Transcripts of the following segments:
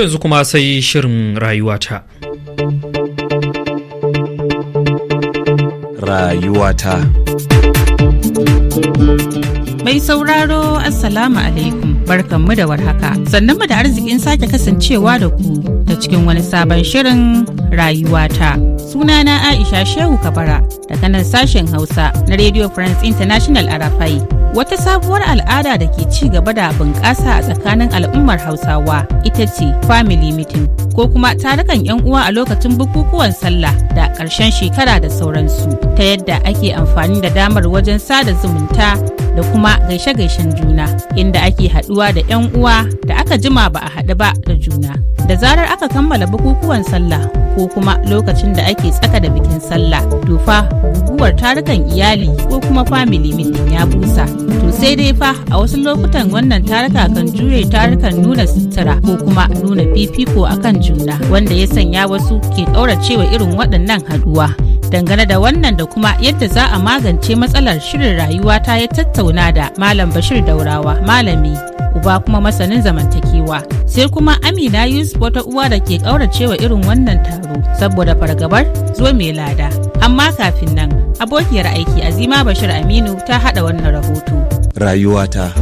yanzu kuma sai shirin rayuwata. Rayuwata. Mai sauraro Assalamu alaikum barkanmu da warhaka sannan mu da arzikin sake kasancewa da ku ta cikin wani sabon shirin rayuwata. Sunana Aisha Shehu Kabara daga nan sashen Hausa na Radio France International a Wata sabuwar al'ada da ke ci gaba da bunƙasa a tsakanin al'ummar Hausawa ita ce family meeting ko kuma tarukan 'yan uwa a lokacin bukukuwan sallah da ƙarshen shekara da sauransu ta yadda ake amfani da damar wajen sada zumunta da kuma gaishe-gaishen juna inda ake haɗuwa da 'yan uwa da aka jima ba a haɗu ba da juna. da zarar aka kammala bukukuwan sallah ko kuma lokacin da ake tsaka da bikin sallah to fa guguwar tarukan iyali ko kuma family meeting ya busa to sai dai fa a wasu lokutan wannan taruka kan jure tarukan nuna sutura ko kuma nuna fifiko a kan juna wanda ya sanya wasu ke ƙauracewa irin waɗannan haduwa? dangane da wannan da kuma yadda za a magance matsalar shirin rayuwa ta ya tattauna da malam bashir daurawa malami uba kuma masanin zamantakewa sai kuma amina yusuf wata uwa da ke ƙauracewa irin wannan taro saboda fargabar zo mai lada amma kafin nan abokiyar aiki azima bashir aminu ta haɗa wannan rahoto rayuwata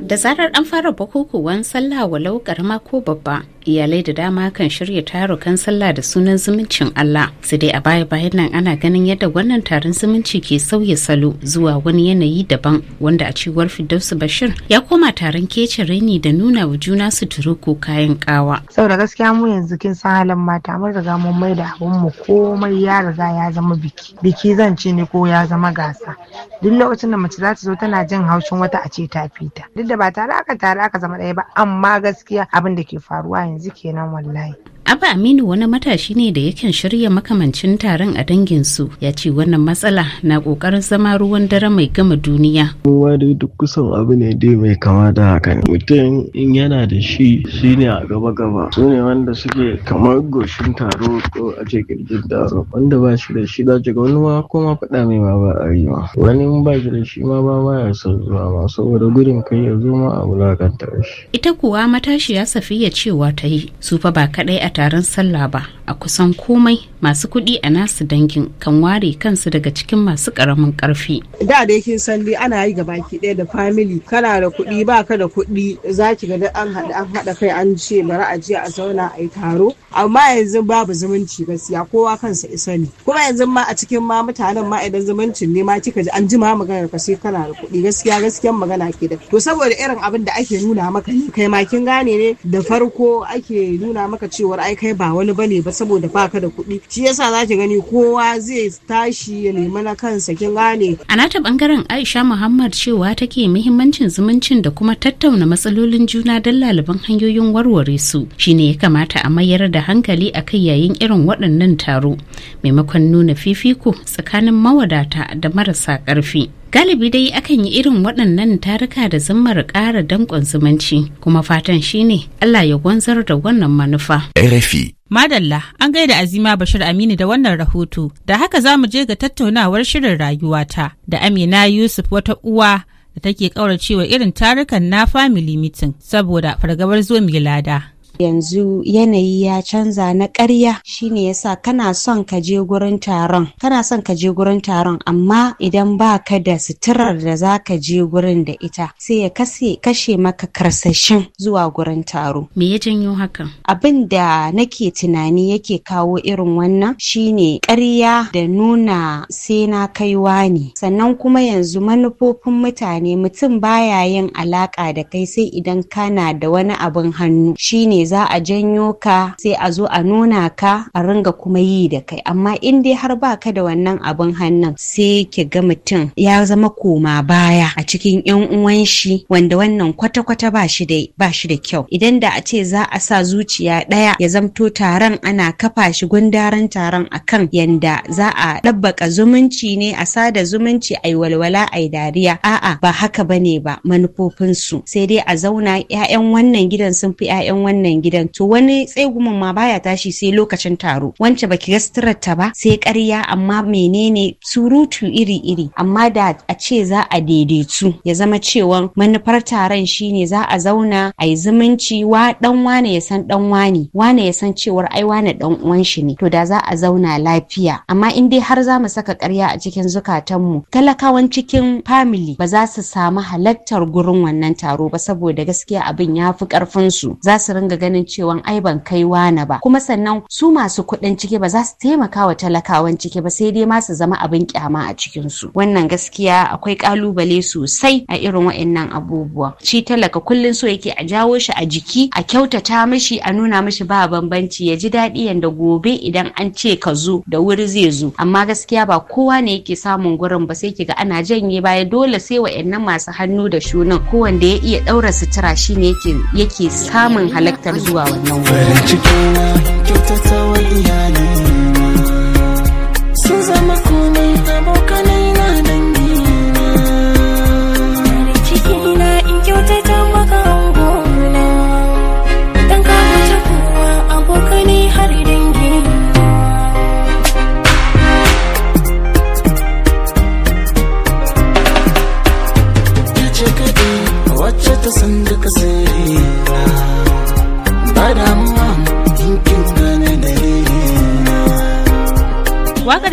da zarar an fara bukukuwan sallah walau karama ko babba iyalai da dama kan shirya tarukan sallah da sunan zumuncin Allah sai dai a baya bayan nan ana ganin yadda wannan taron zumunci ke sauya salo zuwa wani yanayi daban wanda a cewar Firdausu Bashir ya koma taron kece raini da nuna wa juna suturu ko kayan kawa. Saboda gaskiya mu yanzu kin san halin mata mun riga mun mai da abun mu komai ya riga ya zama biki. Biki zan ce ne ko ya zama gasa. Duk lokacin da mace za ta zo tana jin haushin wata a ce ta fita. Duk da ba tare aka tare aka zama ɗaya ba amma gaskiya abin da ke faruwa yanzu yanzu kenan wallahi Abba Aminu wani matashi ne da yakan shirya makamancin taron a danginsu ya ce wannan matsala na kokarin zama ruwan dare mai gama duniya. Kowa dai duk kusan abu ne dai mai kama da haka. Mutum in yana da shi shi ne a gaba gaba. Su ne wanda suke kamar goshin taro ko a ce girgin taro. Wanda ba shi da shi za ga wani ma kuma faɗa mai ma ba a yi ma. Wani in ba shi da shi ma ba ma ya son zuwa ma saboda gudun kai ya zo ma a wulakantar shi. Ita kuwa matashi ya Safiya cewa ta yi su fa ba kaɗai a taron sallah ba a kusan komai masu kuɗi a nasu dangin kan ware kansu daga cikin masu ƙaramin ƙarfi. Da dai kin san ana yi gabaki ɗaya da family kana da kuɗi ba ka da kuɗi za ki ga an haɗa an haɗa kai an ce bari a je a zauna a yi taro amma yanzu babu zumunci gaskiya kowa kansa isa ne kuma yanzu ma a cikin ma mutanen ma idan zumuncin ne ma kika ji an ji ma maganar ka sai kana da kuɗi gaskiya gaskiyan magana ke da to saboda irin abin da ake nuna maka ne kai ma kin gane ne da farko ake nuna maka cewar ai kai ba wani bane ba saboda baka da kuɗi shi yasa za ki gani kowa zai tashi ya nemi na kansa kin gane a nata bangaren Aisha Muhammad cewa take muhimmancin zumuncin da kuma tattauna matsalolin juna don laliban hanyoyin warware su shine ya kamata a mayar da hankali a kai yayin irin waɗannan taro maimakon nuna fifiko tsakanin mawadata da marasa ƙarfi. galibi dai akan yi irin waɗannan taruka da zammar ƙara danƙon zumunci kuma fatan shine Allah ya gwanzar da wannan manufa. RFI Madalla an gaida Azima Bashir Aminu da wannan rahoto da haka za mu je ga tattaunawar shirin rayuwata da Amina Yusuf wata uwa da take ƙauracewa irin tarukan na family meeting saboda fargabar zuwa lada. yanzu yanayi ya canza na ƙarya shine yasa kana son ka je gurin taron kana son ka je gurin taron amma idan ba ka da suturar da za ka je gurin da ita sai ya kashe maka karsashin zuwa gurin taro me ya janyo hakan abin da nake tunani yake kawo irin wannan shine ƙarya da nuna sai na kaiwa ne sannan kuma yanzu manufofin mutane mutum baya yin alaƙa da kai sai idan kana da wani abin hannu shine za a janyo ka sai a zo a nuna ka a ringa kuma yi da kai amma in dai har ba ka da wannan abin hannun sai ki ga mutum ya zama koma baya a cikin yan uwan shi wanda wannan kwata-kwata ba shi da ba shi da kyau idan da a ce za a sa zuciya ɗaya ya zamto taron ana kafa shi gundaren taron akan yanda za a ɗabbaka zumunci ne a sada zumunci ai walwala ai dariya a'a ba haka bane ba manufofinsu sai dai a zauna 'ya'yan wannan gidan sun fi 'ya'yan wannan wannan gidan to wani tsegumin ma baya tashi sai lokacin taro wance baki ga ta ba sai ƙarya amma menene surutu iri-iri amma da a ce za a daidaitu ya zama cewa manufar taron shine za a zauna a yi zumunci wa dan wane ya san dan wane wane ya san cewar ai wane dan uwan shi ne to da za a zauna lafiya amma in dai har za mu saka ƙarya a cikin zukatanmu talakawan cikin family ba za su samu halattar gurin wannan taro ba saboda gaskiya abin ya fi ƙarfin su za su ringa ganin cewa ai ban kai wani ba kuma sannan su masu kuɗin ciki ba za su taimaka wa talakawan ciki ba sai dai ma su zama abin kyama a cikin su wannan gaskiya akwai kalubale sosai a irin wa'annan abubuwa shi talaka kullun so yake a jawo shi a jiki a kyautata mishi a nuna mishi ba bambanci ya ji daɗi yanda gobe idan an ce ka zo da wuri zai zo amma gaskiya ba kowa ne yake samun gurin ba sai kiga ana janye baya dole sai wa'annan masu hannu da shunan kowanda ya iya ɗaura sutura shine yake yake samun halaktar har zuwa wannan wurin cikin kyautata wa iyali sun zama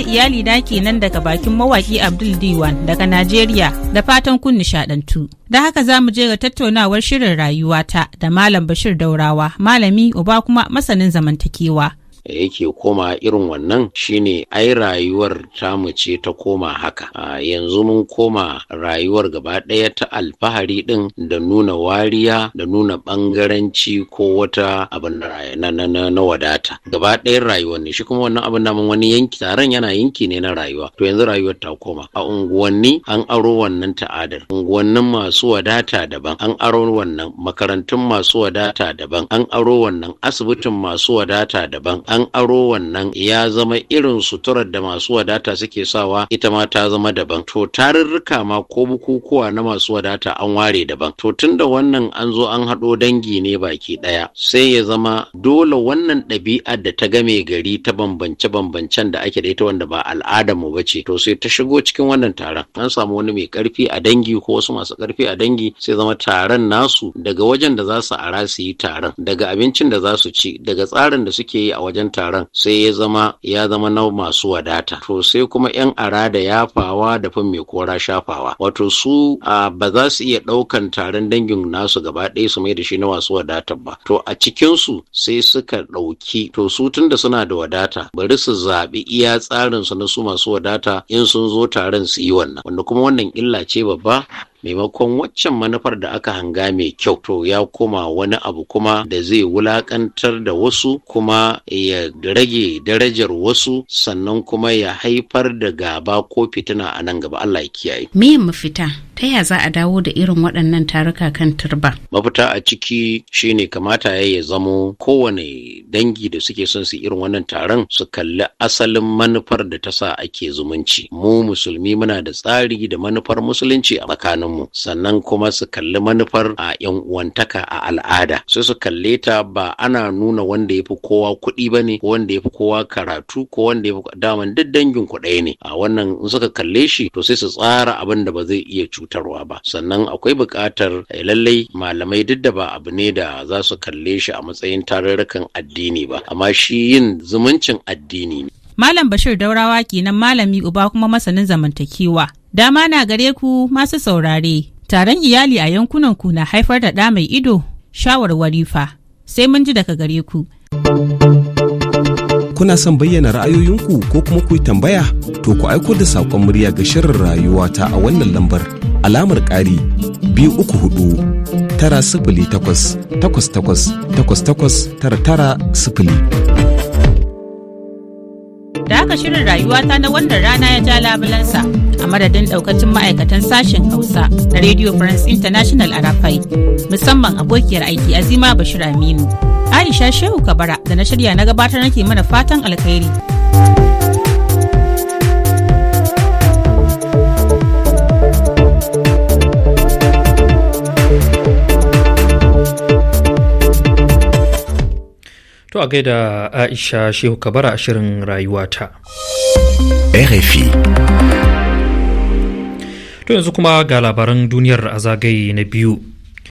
iyali na kenan daga bakin mawaki Abdul Diwan daga Najeriya da fatan kun nishadantu. Da haka za mu je ga tattaunawar shirin rayuwata da Malam Bashir Daurawa, malami uba kuma masanin zamantakewa. yake koma irin wannan shine ai rayuwar tamu ce ta koma haka a yanzu mun koma rayuwar gaba ɗaya ta alfahari ɗin da nuna wariya da nuna ɓangaranci ko wata abin na, na, wadata gaba ɗayan rayuwar ne shi kuma wannan abin mun wani yanki taron yana yanki ne na rayuwa to yanzu rayuwar ta koma a unguwanni an aro wannan ta'adar unguwannin masu wadata daban an aro wannan makarantun masu wadata daban an aro wannan asibitin masu wadata daban an aro wannan ya zama irin suturar da masu wadata suke sawa ita ma ta zama daban to tarurruka ma ko bukukuwa na masu wadata an ware daban to tunda wannan an zo an haɗo dangi ne baki ɗaya sai ya zama dole wannan ɗabi'ar da ta game gari ta bambance-bambancen da ake da ita wanda ba al'adar mu bace to sai ta shigo cikin wannan taron an samu wani mai karfi a dangi ko wasu masu karfi a dangi sai zama taron nasu daga wajen da za su ara su yi taron daga abincin da za su ci daga tsarin da suke yi a wajen wajen taron sai ya zama ya zama na masu wadata to sai kuma yan arada yafawa da fim mai kora shafawa wato su ba za su iya ɗaukan taron dangin nasu gaba ɗaya su mai da shi na masu wadata ba to a cikinsu sai suka ɗauki to su tunda suna da wadata bari su zaɓi iya tsarin su na su masu wadata in sun zo taron su yi wannan wanda kuma wannan illa ce babba maimakon waccan manufar da aka hanga mai kyau to ya koma wani abu kuma da zai wulakantar da wasu kuma ya rage darajar wasu sannan kuma ya haifar da gaba ko fitina a nan gaba Allah ya kiyaye. Me mafita? ta ya za a dawo da irin waɗannan taruka kan turba mafita a ciki shine kamata ya ya zamo kowane dangi da suke son su irin wannan taron su kalli asalin manufar da ta sa ake zumunci mu musulmi muna da tsari da manufar musulunci a tsakaninmu sannan kuma su kalli manufar a yan uwantaka a al'ada sai su kalle ta ba ana nuna wanda ya fi kowa kuɗi ba ne ko wanda ya fi kowa karatu ko wanda ya fi daman duk dangin ku ne a wannan in suka kalle shi to sai su tsara abin da ba zai iya cuta cutarwa ba sannan akwai buƙatar eh, lallai malamai duk da ba abu ne da za su kalle shi a matsayin tarurrukan addini ba amma shi yin zumuncin addini ne Malam Bashir Daurawa kenan malami uba kuma masanin zamantakewa. Dama na gare ku masu saurare. Taron iyali a yankunanku na haifar da ɗa mai ido shawarwari fa. Sai mun ji daga gare ku. Kuna son bayyana ra'ayoyinku ko kuma ku yi tambaya? To ku aiko da saƙon murya ga shirin rayuwa ta a wannan lambar. alamar ƙari biyu uku hudu tara sifili takwas takwas takwas takwas takwas tara tara sifili. Da aka shirin rayuwata na wannan rana ya ja labulansa a madadin daukacin ma'aikatan sashen Hausa na Radio France International a Rafai musamman abokiyar aiki Azima Bashir Aminu. Aisha Shehu Kabara da na shirya na gabatar nake mana fatan alkhairi. a gaida Aisha Shehu Kabara a shirin rayuwata. RFI. To yanzu kuma ga labaran duniyar a zagaye na biyu.